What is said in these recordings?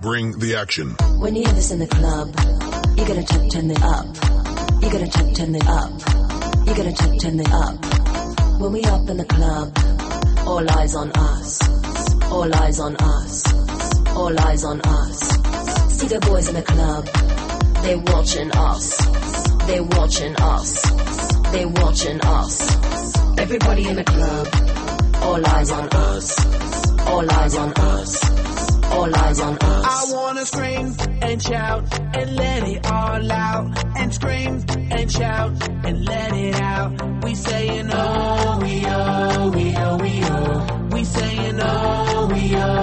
Bring the action. When you have this in the club, you gotta turn, turn it up. You gotta turn, turn it up. You gotta turn, turn it up. When we up in the club, all eyes on us. All eyes on us all eyes on us. See the boys in the club, they watching us. They watching us. They watching us. Everybody in the club, all eyes on us. All eyes on us. All eyes on us. I wanna scream and shout and let it all out. And scream and shout and let it out. We saying oh, we oh, we oh, we oh. We saying oh, we oh.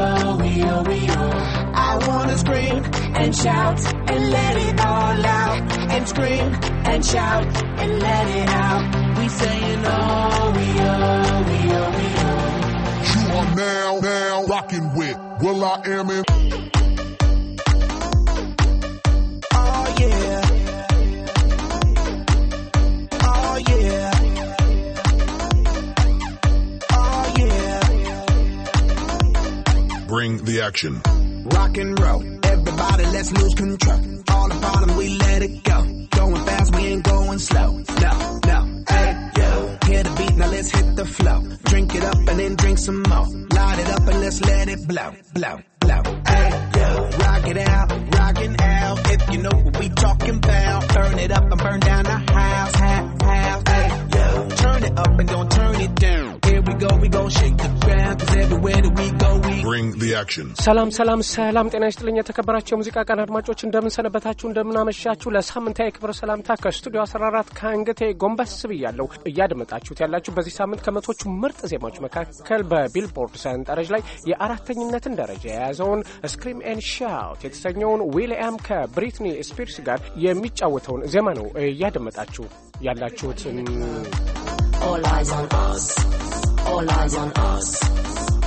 and shout and let it all out and scream and shout and let it out. We saying oh we oh we oh we oh. You are now now rocking with Will I Am in. Oh yeah. Oh yeah. Oh, yeah. Bring the action. Rock and roll let's lose control. All the problem, we let it go. Going fast, we ain't going slow. No, no, hey, yo. Hear the beat, now let's hit the flow. Drink it up and then drink some more. Light it up and let's let it blow, blow, blow. Hey, yo. Rock it out, rockin' out. If you know what we talking about, burn it up and burn down ሰላም ሰላም ሰላም፣ ጤና ይስጥልኝ የተከበራቸው የሙዚቃ ቀን አድማጮች እንደምንሰነበታችሁ፣ እንደምናመሻችሁ። ለሳምንታዊ ክብረ ሰላምታ ከስቱዲዮ 14 ከአንገቴ ጎንበስ ብያለሁ። እያደመጣችሁት ያላችሁ በዚህ ሳምንት ከመቶቹ ምርጥ ዜማዎች መካከል በቢልቦርድ ሰንጠረዥ ላይ የአራተኝነትን ደረጃ የያዘውን ስክሪም ኤን ሻውት የተሰኘውን ዊልያም ከብሪትኒ ስፒርስ ጋር የሚጫወተውን ዜማ ነው እያደመጣችሁ ያላችሁትን All eyes on us. All eyes on us.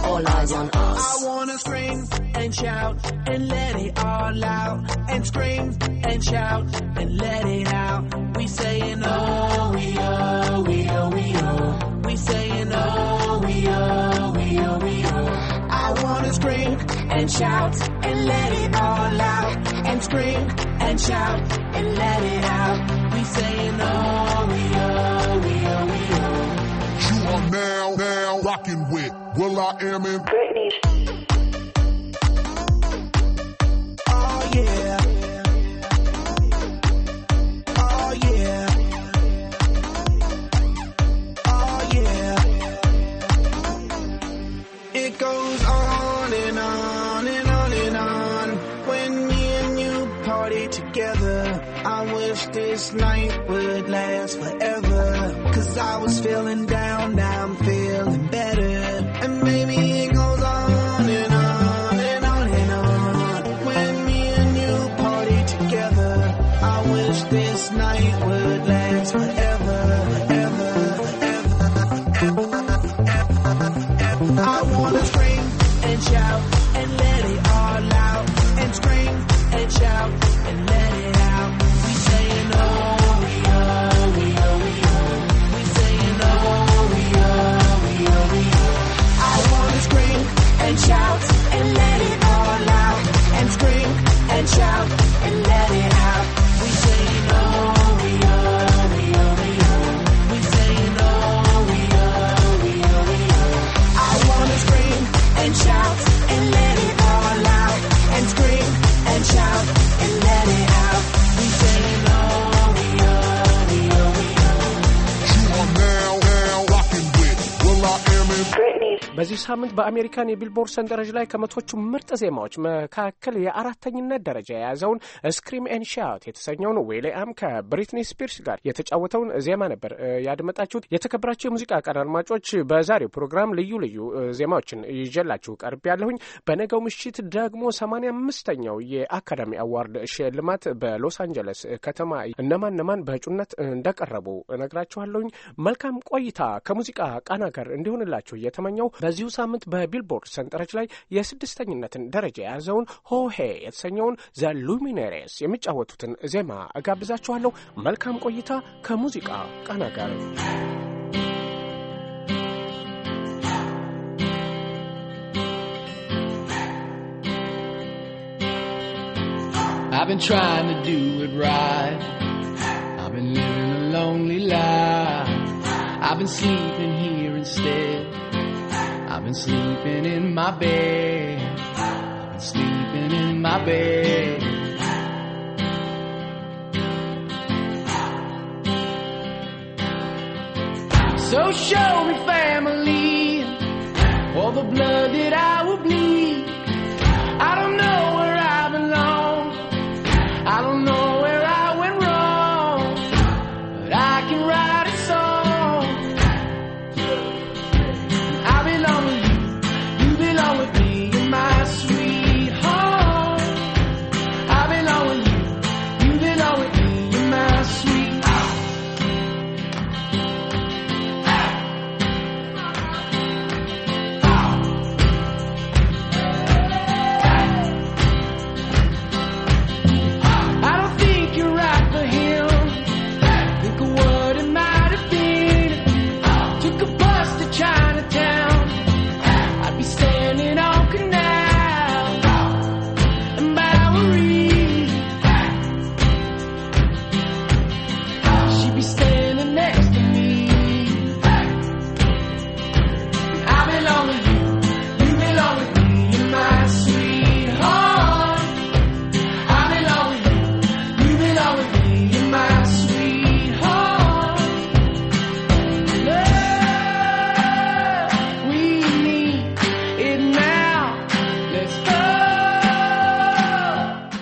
All eyes on us. I wanna scream and shout and let it all out. And scream and shout and let it out. We saying oh, we oh, we oh, we oh. We saying oh, we oh, we oh, we oh. I wanna scream and shout and let it all out. And scream and shout and let it out. We saying oh, we oh. rocking with Will I Am and Britney. Oh yeah. Oh yeah. Oh yeah. It goes on and on and on and on. When me and you party together, I wish this night would last forever. Cause I was feeling down ሳምንት በአሜሪካን የቢልቦርድ ሰንጠረዥ ላይ ከመቶቹ ምርጥ ዜማዎች መካከል የአራተኝነት ደረጃ የያዘውን ስክሪም ኤን ሻውት የተሰኘውን ዊሊያም ከብሪትኒ ስፒርስ ጋር የተጫወተውን ዜማ ነበር ያደመጣችሁት። የተከበራቸው የሙዚቃ ቀን አድማጮች፣ በዛሬው ፕሮግራም ልዩ ልዩ ዜማዎችን ይዤላችሁ ቀርብ ያለሁኝ። በነገው ምሽት ደግሞ ሰማንያ አምስተኛው የአካዳሚ አዋርድ ሽልማት በሎስ አንጀለስ ከተማ እነማን እነማን በእጩነት እንደቀረቡ እነግራችኋለሁኝ። መልካም ቆይታ ከሙዚቃ ቃና ጋር እንዲሆንላችሁ እየተመኘው በዚሁ ሳምንት በቢልቦርድ ሰንጠረዥ ላይ የስድስተኝነትን ደረጃ የያዘውን ሆሄ የተሰኘውን ዘ ሉሚኔሬስ የሚጫወቱትን ዜማ እጋብዛችኋለሁ። መልካም ቆይታ ከሙዚቃ ቃና ጋር I've been trying to do it right. I've been living a lonely life. I've been sleeping here instead. I've been sleeping in my bed. I've been sleeping in my bed. So show me family, all the blood that I will bleed. I don't know where I belong. I don't know.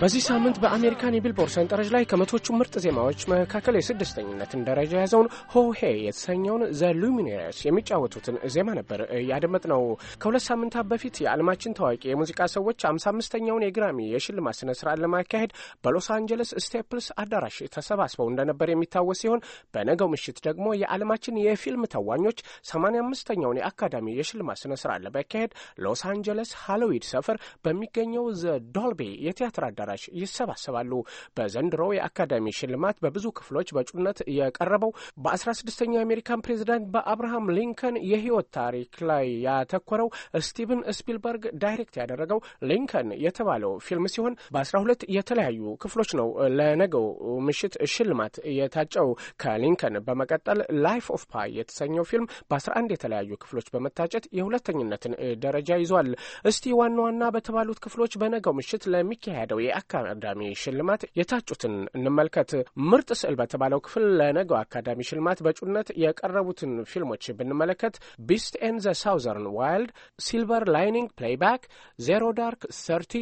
በዚህ ሳምንት በአሜሪካን የቢልቦርድ ሰንጠረዥ ላይ ከመቶቹ ምርጥ ዜማዎች መካከል የስድስተኝነትን ደረጃ የያዘውን ሆሄ የተሰኘውን ዘ ሉሚኔርስ የሚጫወቱትን ዜማ ነበር ያደመጥ ነው። ከሁለት ሳምንታት በፊት የዓለማችን ታዋቂ የሙዚቃ ሰዎች አምሳ አምስተኛውን የግራሚ የሽልማት ስነ ስርዓት ለማካሄድ በሎስ አንጀለስ ስቴፕልስ አዳራሽ ተሰባስበው እንደነበር የሚታወስ ሲሆን በነገው ምሽት ደግሞ የዓለማችን የፊልም ተዋኞች ሰማንያ አምስተኛውን የአካዳሚ የሽልማት ስነ ስርዓት ለማካሄድ ሎስ አንጀለስ ሃሎዊድ ሰፈር በሚገኘው ዘ ዶልቤ የቲያትር አዳራሽ አዳራሽ ይሰባሰባሉ። በዘንድሮ የአካዳሚ ሽልማት በብዙ ክፍሎች በእጩነት የቀረበው በ 16 የአሜሪካን ፕሬዚዳንት በአብርሃም ሊንከን የህይወት ታሪክ ላይ ያተኮረው ስቲቭን ስፒልበርግ ዳይሬክት ያደረገው ሊንከን የተባለው ፊልም ሲሆን በ12 የተለያዩ ክፍሎች ነው ለነገው ምሽት ሽልማት የታጨው። ከሊንከን በመቀጠል ላይፍ ኦፍ ፓይ የተሰኘው ፊልም በ11 የተለያዩ ክፍሎች በመታጨት የሁለተኝነትን ደረጃ ይዟል። እስቲ ዋና ዋና በተባሉት ክፍሎች በነገው ምሽት ለሚካሄደው አካዳሚ ሽልማት የታጩትን እንመልከት። ምርጥ ስዕል በተባለው ክፍል ለነገው አካዳሚ ሽልማት በእጩነት የቀረቡትን ፊልሞች ብንመለከት ቢስት ኤን ዘ ሳውዘርን ዋይልድ፣ ሲልቨር ላይኒንግ፣ ፕሌይባክ፣ ዜሮ ዳርክ ሰርቲ፣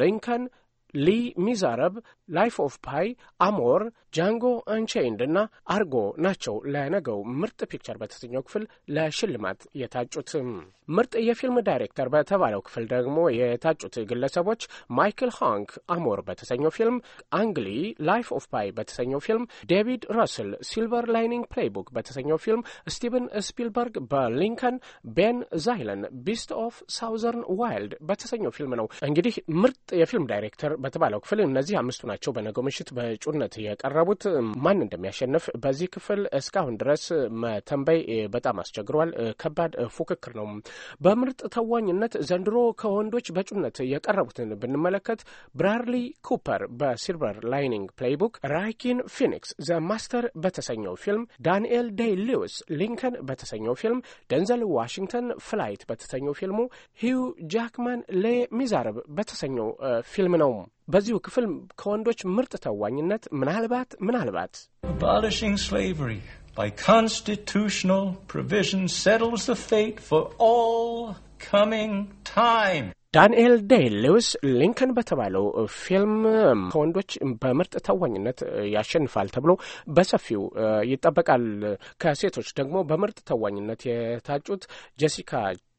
ሊንከን ሊ ሚዛረብ፣ ላይፍ ኦፍ ፓይ፣ አሞር፣ ጃንጎ አንቼይንድ እና አርጎ ናቸው ለነገው ምርጥ ፒክቸር በተሰኘው ክፍል ለሽልማት የታጩት። ምርጥ የፊልም ዳይሬክተር በተባለው ክፍል ደግሞ የታጩት ግለሰቦች ማይክል ሃንክ አሞር በተሰኘው ፊልም፣ አንግሊ ላይፍ ኦፍ ፓይ በተሰኘው ፊልም፣ ዴቪድ ራስል ሲልቨር ላይኒንግ ፕሌይቡክ በተሰኘው ፊልም፣ ስቲቨን ስፒልበርግ በሊንከን፣ ቤን ዛይለን ቢስት ኦፍ ሳውዘርን ዋይልድ በተሰኘው ፊልም ነው። እንግዲህ ምርጥ የፊልም ዳይሬክተር በተባለው ክፍል እነዚህ አምስቱ ናቸው በነገው ምሽት በእጩነት የቀረቡት። ማን እንደሚያሸንፍ በዚህ ክፍል እስካሁን ድረስ መተንበይ በጣም አስቸግሯል። ከባድ ፉክክር ነው። በምርጥ ተዋኝነት ዘንድሮ ከወንዶች በእጩነት የቀረቡትን ብንመለከት ብራድሊ ኩፐር በሲልቨር ላይኒንግ ፕሌይቡክ፣ ራይኪን ፊኒክስ ዘ ማስተር በተሰኘው ፊልም፣ ዳንኤል ዴይ ሊዊስ ሊንከን በተሰኘው ፊልም፣ ደንዘል ዋሽንግተን ፍላይት በተሰኘው ፊልሙ፣ ሂው ጃክማን ሌ ሚዛርብ በተሰኘው ፊልም ነው። በዚሁ ክፍል ከወንዶች ምርጥ ተዋኝነት ምናልባት ምናልባት ዳንኤል ዴይ ሌዊስ ሊንከን በተባለው ፊልም ከወንዶች በምርጥ ተዋኝነት ያሸንፋል ተብሎ በሰፊው ይጠበቃል። ከሴቶች ደግሞ በምርጥ ተዋኝነት የታጩት ጄሲካ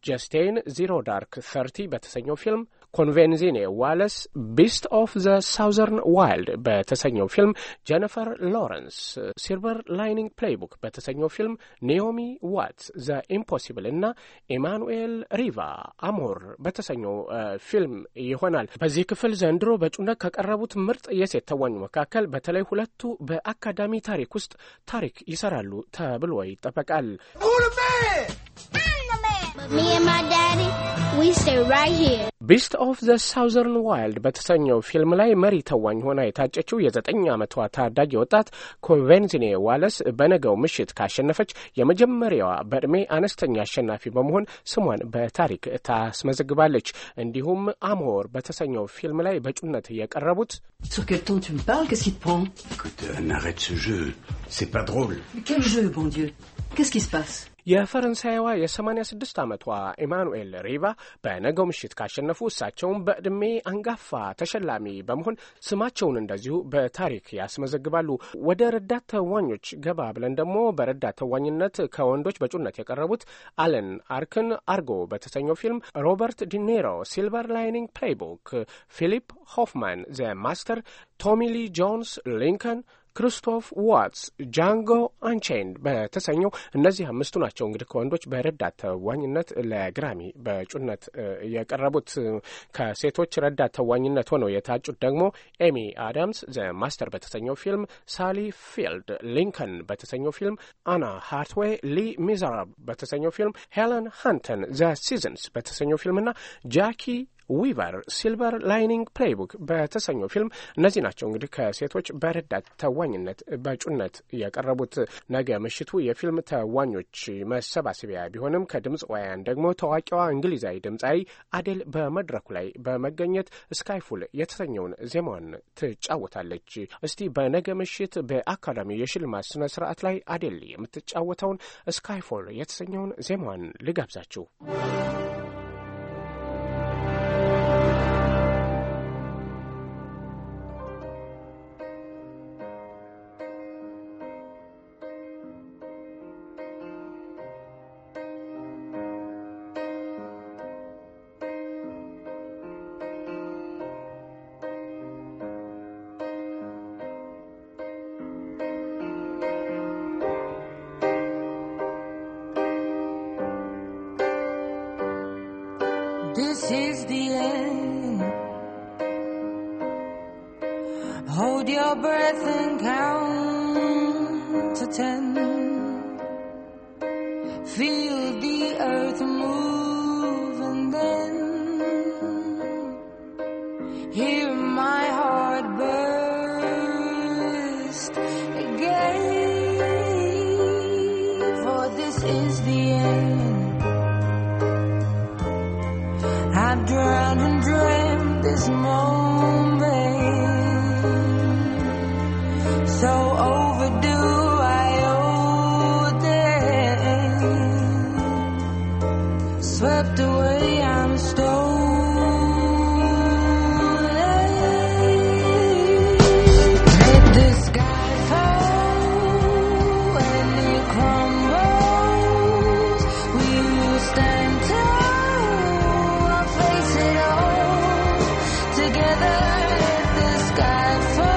ጀስቴን ዚሮ ዳርክ ሰርቲ በተሰኘው ፊልም ኮንቬንዚኔ ዋለስ ቢስት ኦፍ ዘ ሳውዘርን ዋይልድ በተሰኘው ፊልም፣ ጀነፈር ሎረንስ ሲልቨር ላይኒንግ ፕሌይቡክ በተሰኘው ፊልም፣ ኒዮሚ ዋትስ ዘ ኢምፖሲብል እና ኢማኑኤል ሪቫ አሞር በተሰኘው ፊልም ይሆናል። በዚህ ክፍል ዘንድሮ በእጩነት ከቀረቡት ምርጥ የሴት ተዋኝ መካከል በተለይ ሁለቱ በአካዳሚ ታሪክ ውስጥ ታሪክ ይሰራሉ ተብሎ ይጠበቃል። ቢስት ኦፍ ዘ ሳውዘርን ዋይልድ በተሰኘው ፊልም ላይ መሪ ተዋኝ ሆና የታጨችው የዘጠኝ ዓመቷ ታዳጊ ወጣት ኮንቬንዚኔ ዋለስ በነገው ምሽት ካሸነፈች የመጀመሪያዋ በዕድሜ አነስተኛ አሸናፊ በመሆን ስሟን በታሪክ ታስመዘግባለች። እንዲሁም አሞር በተሰኘው ፊልም ላይ በጩነት የቀረቡት የፈረንሳይዋ የ86 ዓመቷ ኢማኑኤል ሪቫ በነገው ምሽት ካሸነፉ እሳቸውም በዕድሜ አንጋፋ ተሸላሚ በመሆን ስማቸውን እንደዚሁ በታሪክ ያስመዘግባሉ። ወደ ረዳት ተዋኞች ገባ ብለን ደግሞ በረዳት ተዋኝነት ከወንዶች በጩነት የቀረቡት አለን አርክን አርጎ በተሰኘው ፊልም፣ ሮበርት ዲኔሮ ሲልቨር ላይኒንግ ፕሌይቡክ፣ ፊሊፕ ሆፍማን ዘ ማስተር፣ ቶሚ ሊ ጆንስ ሊንከን ክሪስቶፍ ዋትስ፣ ጃንጎ አንቼንድ በተሰኘው እነዚህ አምስቱ ናቸው እንግዲህ ከወንዶች በረዳት ተዋኝነት ለግራሚ በእጩነት የቀረቡት። ከሴቶች ረዳት ተዋኝነት ሆነው የታጩት ደግሞ ኤሚ አዳምስ ዘ ማስተር በተሰኘው ፊልም፣ ሳሊ ፊልድ ሊንከን በተሰኘው ፊልም፣ አና ሃርትዌይ ሊ ሚዘራብ በተሰኘው ፊልም፣ ሄለን ሃንተን ዘ ሲዝንስ በተሰኘው ፊልምና ጃኪ ዊቨር ሲልቨር ላይኒንግ ፕሌይቡክ በተሰኘው ፊልም እነዚህ ናቸው እንግዲህ ከሴቶች በረዳት ተዋኝነት በእጩነት ያቀረቡት። ነገ ምሽቱ የፊልም ተዋኞች መሰባሰቢያ ቢሆንም ዋያን ደግሞ ታዋቂዋ እንግሊዛዊ ድምፃዊ አዴል በመድረኩ ላይ በመገኘት ስካይፉል የተሰኘውን ዜማዋን ትጫወታለች። እስቲ በነገ ምሽት በአካዳሚ የሽልማት ስነ ስርዓት ላይ አዴል የምትጫወተውን ስካይፎል የተሰኘውን ዜማዋን ልጋብዛችሁ። Hold your breath and count to ten. Feel the earth together the sky.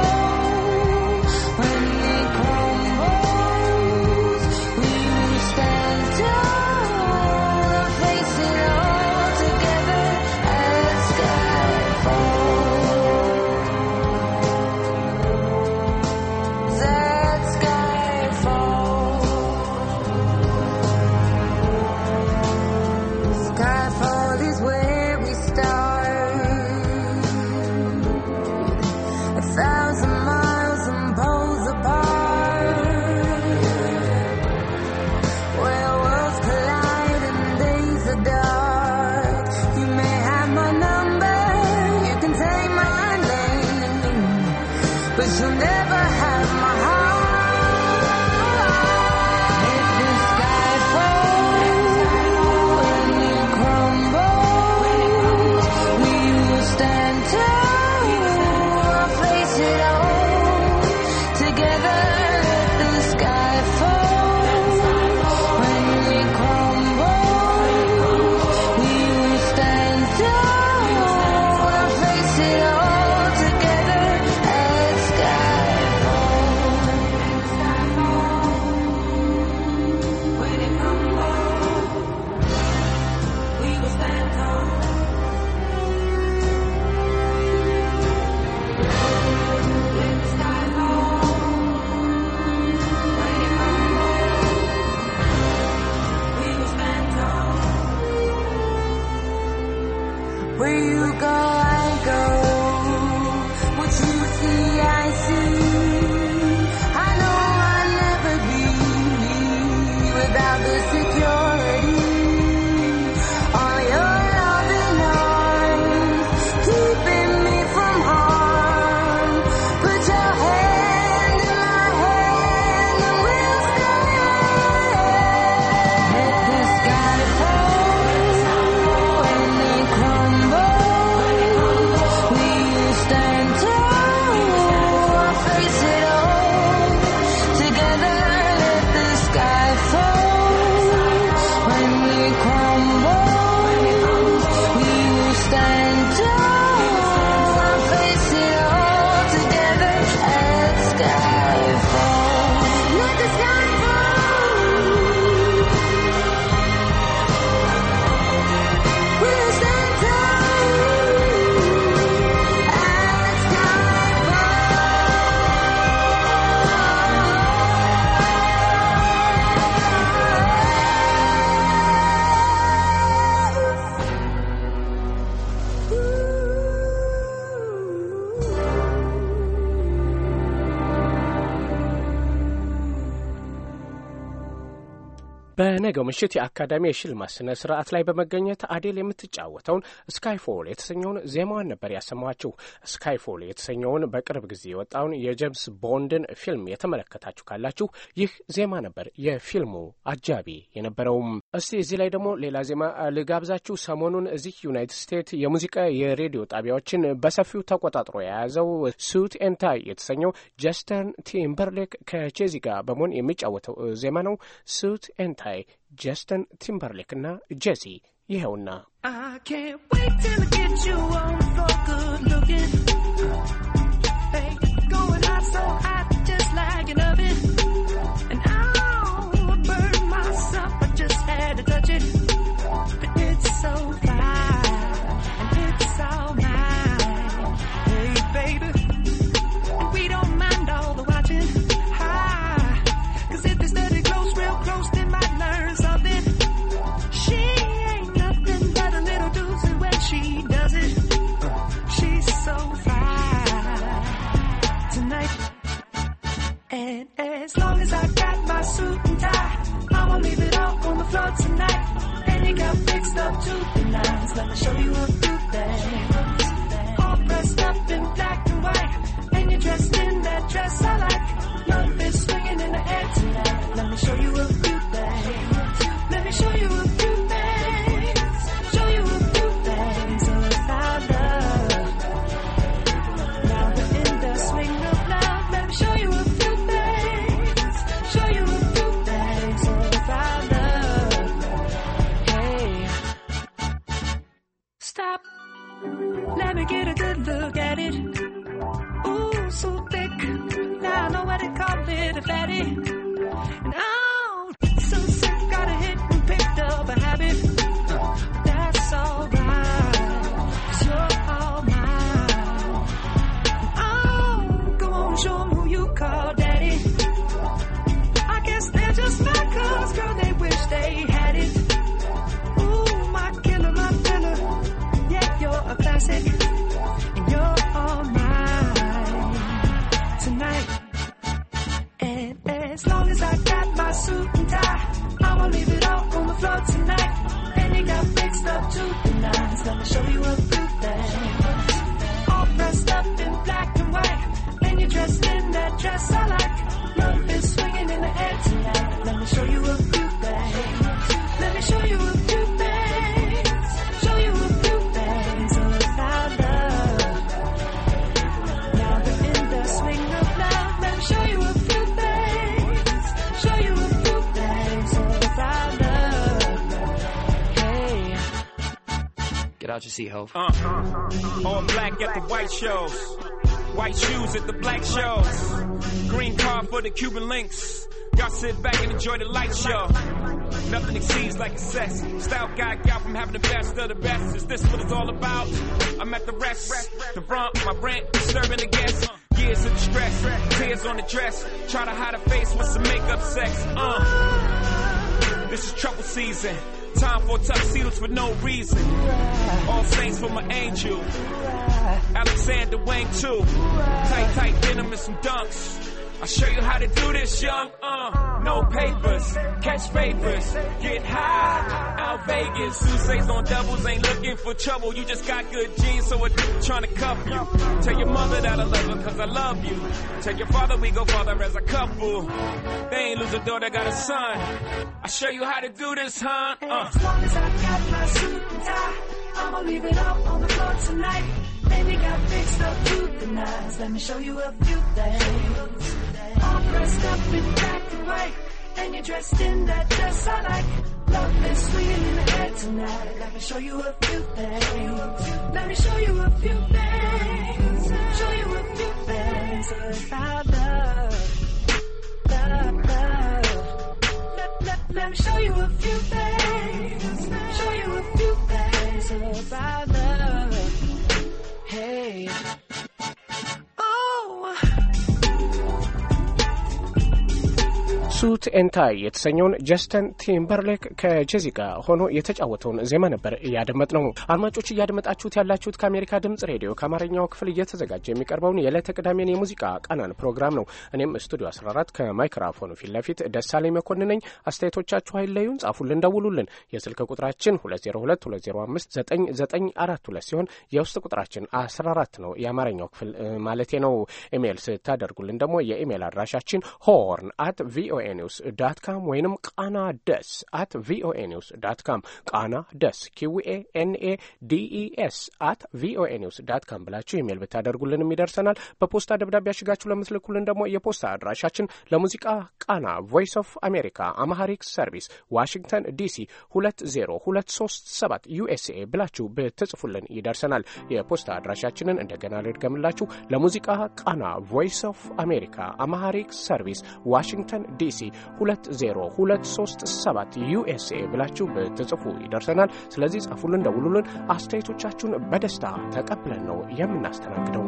በነገው ምሽት የአካዳሚ የሽልማት ስነ ስርዓት ላይ በመገኘት አዴል የምትጫወተውን ስካይፎል የተሰኘውን ዜማዋን ነበር ያሰማችሁ። ስካይፎል የተሰኘውን በቅርብ ጊዜ የወጣውን የጄምስ ቦንድን ፊልም የተመለከታችሁ ካላችሁ ይህ ዜማ ነበር የፊልሙ አጃቢ የነበረውም። እስቲ እዚህ ላይ ደግሞ ሌላ ዜማ ልጋብዛችሁ። ሰሞኑን እዚህ ዩናይትድ ስቴትስ የሙዚቃ የሬዲዮ ጣቢያዎችን በሰፊው ተቆጣጥሮ የያዘው ሱት ኤንታይ የተሰኘው ጀስተን ቲምበርሌክ ከቼዚ ጋር በመሆን የሚጫወተው ዜማ ነው። ሱት ኤንታይ ጀስተን ቲምበርሌክ እና ጄዚ ይኸውና Going hot, so hot, just like an oven. And as long as I got my suit and tie, I won't leave it all on the floor tonight. And you got fixed up to the nines. Let me show you a few things. All dressed up in black and white, and you're dressed in that dress I like. Love is swinging in the air tonight. Let me show you a few things. Let me show you a few out your seat, ho. Uh, uh, uh, uh, all black at the white shows. White shoes at the black shows. Green car for the Cuban links. Y'all sit back and enjoy the light show. Nothing exceeds like excess. Style guy gal from having the best of the best. Is this what it's all about? I'm at the rest. The brunt, my rent, disturbing the guests. Years of stress, tears on the dress. Try to hide a face with some makeup sex. Uh, this is trouble season. Time for tuxedos for no reason. All saints for my angel. Alexander Wang too. Tight, tight denim and some dunks. I'll show you how to do this, young. Uh, no papers, catch papers, get high. Out Vegas, sousa's on doubles, ain't looking for trouble. You just got good genes, so a dude trying to cuff you. Tell your mother that I love her, cause I love you. Tell your father we go father as a couple. They ain't lose a daughter, got a son. I'll show you how to do this, huh? Uh. As long as I got my suit and tie, I'ma leave it up on the floor tonight. Baby got fixed up, the nines. Let me show you a few things. All dressed up in black and white, and you're dressed in that dress I like. Love is swinging in the air tonight. Let me show you a few things. Let me show you a few things. Show you a few things about love. Love, love. Let, let, let me show you a few things. Show you a few things about love. ሱት ኤንታይ የተሰኘውን ጀስተን ቲምበርሌክ ከጄዚ ጋር ሆኖ የተጫወተውን ዜማ ነበር እያደመጥ ነው። አድማጮች እያደመጣችሁት ያላችሁት ከአሜሪካ ድምጽ ሬዲዮ ከአማርኛው ክፍል እየተዘጋጀ የሚቀርበውን የዕለተ ቅዳሜን የሙዚቃ ቃናን ፕሮግራም ነው። እኔም ስቱዲዮ 14 ከማይክሮፎኑ ፊት ለፊት ደሳለኝ መኮንን ነኝ። አስተያየቶቻችሁ አይለዩን፣ ጻፉልን፣ ደውሉልን። የስልክ ቁጥራችን 2022059942 ሲሆን የውስጥ ቁጥራችን 14 ነው። የአማርኛው ክፍል ማለቴ ነው። ኢሜይል ስታደርጉልን ደግሞ የኢሜይል አድራሻችን ሆርን አት ቪኦኤ ቪኦኤ ኒውስ ዳት ካም ወይንም ቃና ደስ አት ቪኦኤ ኒውስ ዳት ካም ቃና ደስ ኪዊኤ ኤንኤ ዲኢኤስ አት ቪኦኤ ኒውስ ዳት ካም ብላችሁ ኢሜል ብታደርጉልንም ይደርሰናል። በፖስታ ደብዳቤ ያሽጋችሁ ለምትልኩልን ደግሞ የፖስታ አድራሻችን ለሙዚቃ ቃና ቮይስ ኦፍ አሜሪካ አማሃሪክ ሰርቪስ ዋሽንግተን ዲሲ ሰባት ዩኤስኤ ብላችሁ ብትጽፉልን ይደርሰናል። የፖስታ አድራሻችንን እንደገና ልድገምላችሁ። ለሙዚቃ ቃና ቮይስ ኦፍ አሜሪካ አማሃሪክ ሰርቪስ ዋሽንግተን ዲሲ ኤምሲ 20237 ዩኤስኤ ብላችሁ ብትጽፉ ይደርሰናል። ስለዚህ ጻፉልን፣ ደውሉልን። አስተያየቶቻችሁን በደስታ ተቀብለን ነው የምናስተናግደው።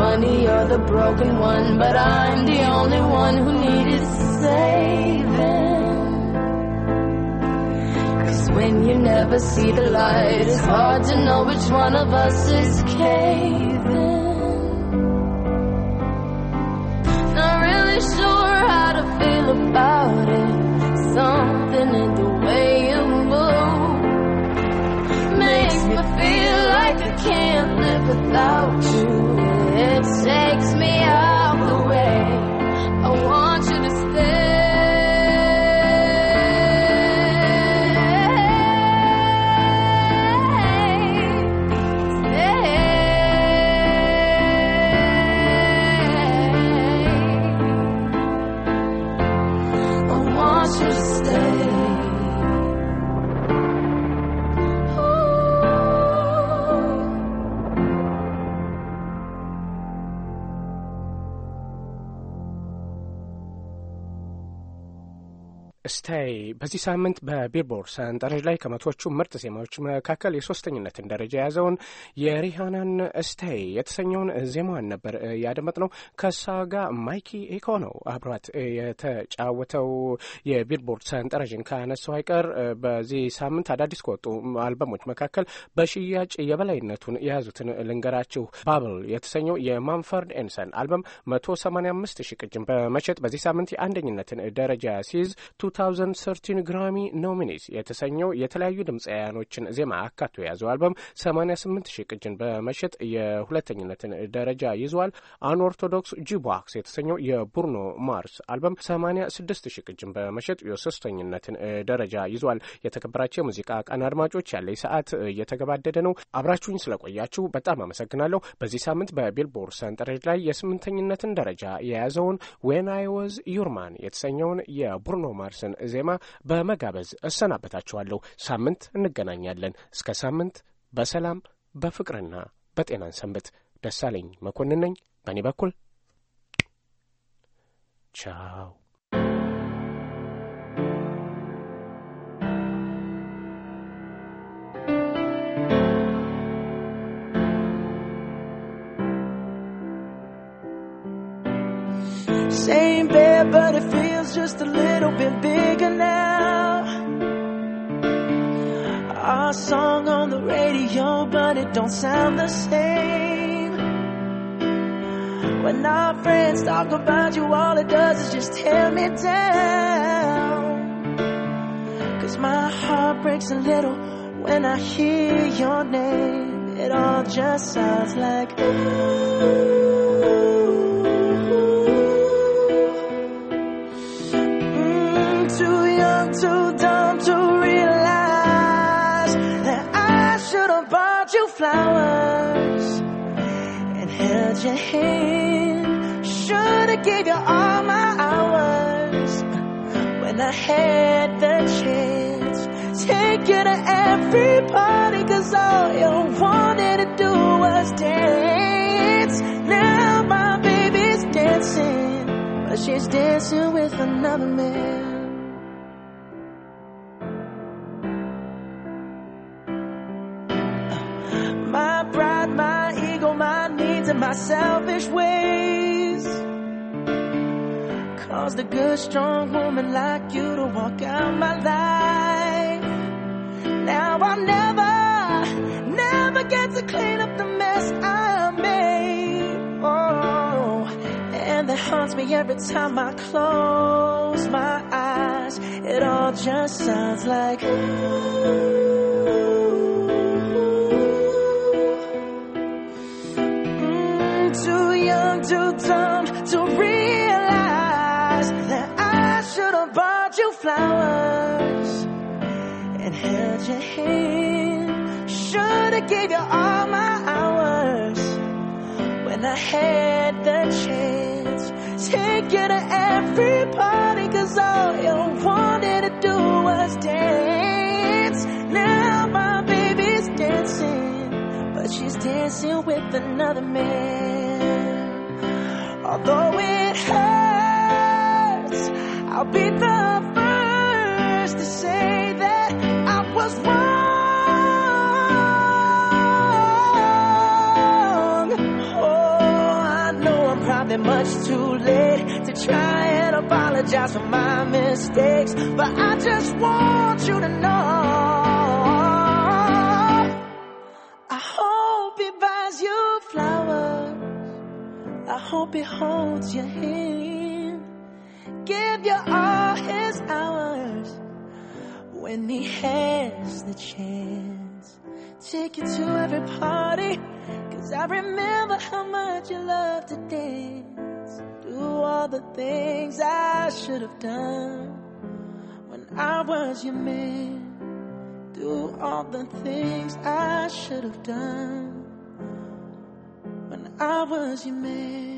funny, you're the broken one, but I'm the only one who needed saving. Cause when you never see the light, it's hard to know which one of us is caving. Not really sure how to feel about it. Something in the way you move makes me feel like I can't live without you takes me up. እስታይ በዚህ ሳምንት በቢልቦርድ ሰንጠረዥ ላይ ከመቶቹ ምርጥ ዜማዎች መካከል የሶስተኝነትን ደረጃ የያዘውን የሪሃናን እስታይ የተሰኘውን ዜማዋን ነበር ያደመጥነው። ነው ጋር ማይኪ ኢኮ ነው አብሯት የተጫወተው። የቢልቦርድ ሰንጠረዥን ካነሳው አይቀር በዚህ ሳምንት አዳዲስ ከወጡ አልበሞች መካከል በሽያጭ የበላይነቱን የያዙትን ልንገራችሁ። ባብል የተሰኘው የማንፈርድ ኤንሰን አልበም መቶ ሰማንያ አምስት ሺህ ቅጅን በመሸጥ በዚህ ሳምንት የአንደኝነትን ደረጃ ሲይዝ 2013 ግራሚ ኖሚኒስ የተሰኘው የተለያዩ ድምፃውያኖችን ዜማ አካቶ የያዘው አልበም 88 ሺህ ቅጅን በመሸጥ የሁለተኝነትን ደረጃ ይዟል። አን ኦርቶዶክስ ጂቦክስ የተሰኘው የቡርኖ ማርስ አልበም 86 ሺህ ቅጅን በመሸጥ የሶስተኝነትን ደረጃ ይዟል። የተከበራቸው የሙዚቃ ቀን አድማጮች ያለኝ ሰዓት እየተገባደደ ነው። አብራችሁኝ ስለቆያችሁ በጣም አመሰግናለሁ። በዚህ ሳምንት በቢልቦርድ ሰንጠረዥ ላይ የስምንተኝነትን ደረጃ የያዘውን ዌን አይ ወዝ ዩርማን የተሰኘውን የቡርኖ ማርስ የሚሉትን ዜማ በመጋበዝ እሰናበታችኋለሁ። ሳምንት እንገናኛለን። እስከ ሳምንት በሰላም በፍቅርና በጤናን ሰንብት። ደሳለኝ መኮንን ነኝ። በእኔ በኩል ቻው። Same bed, but just a little bit bigger now. Our song on the radio, but it don't sound the same. When our friends talk about you, all it does is just tear me down. Cause my heart breaks a little when I hear your name. It all just sounds like ooh. your hand. Should've gave you all my hours when I had the chance. Take you to every party, cause all you wanted to do was dance. Now my baby's dancing, but she's dancing with another man. my selfish ways. Caused a good, strong woman like you to walk out my life. Now i never, never get to clean up the mess I made. Oh, and that haunts me every time I close my eyes. It all just sounds like. Ooh. too dumb to realize that I should have bought you flowers and held your hand. Should have gave you all my hours when I had the chance. Take you to every party, cause all you wanted to do was dance. Now my baby's dancing, but she's dancing with another man. Although it hurts, I'll be the first to say that I was wrong. Oh, I know I'm probably much too late to try and apologize for my mistakes, but I just want you to know. hope he holds your hand. Give you all his hours when he has the chance. Take you to every party, cause I remember how much you loved to dance. Do all the things I should have done when I was your man. Do all the things I should have done when I was your man.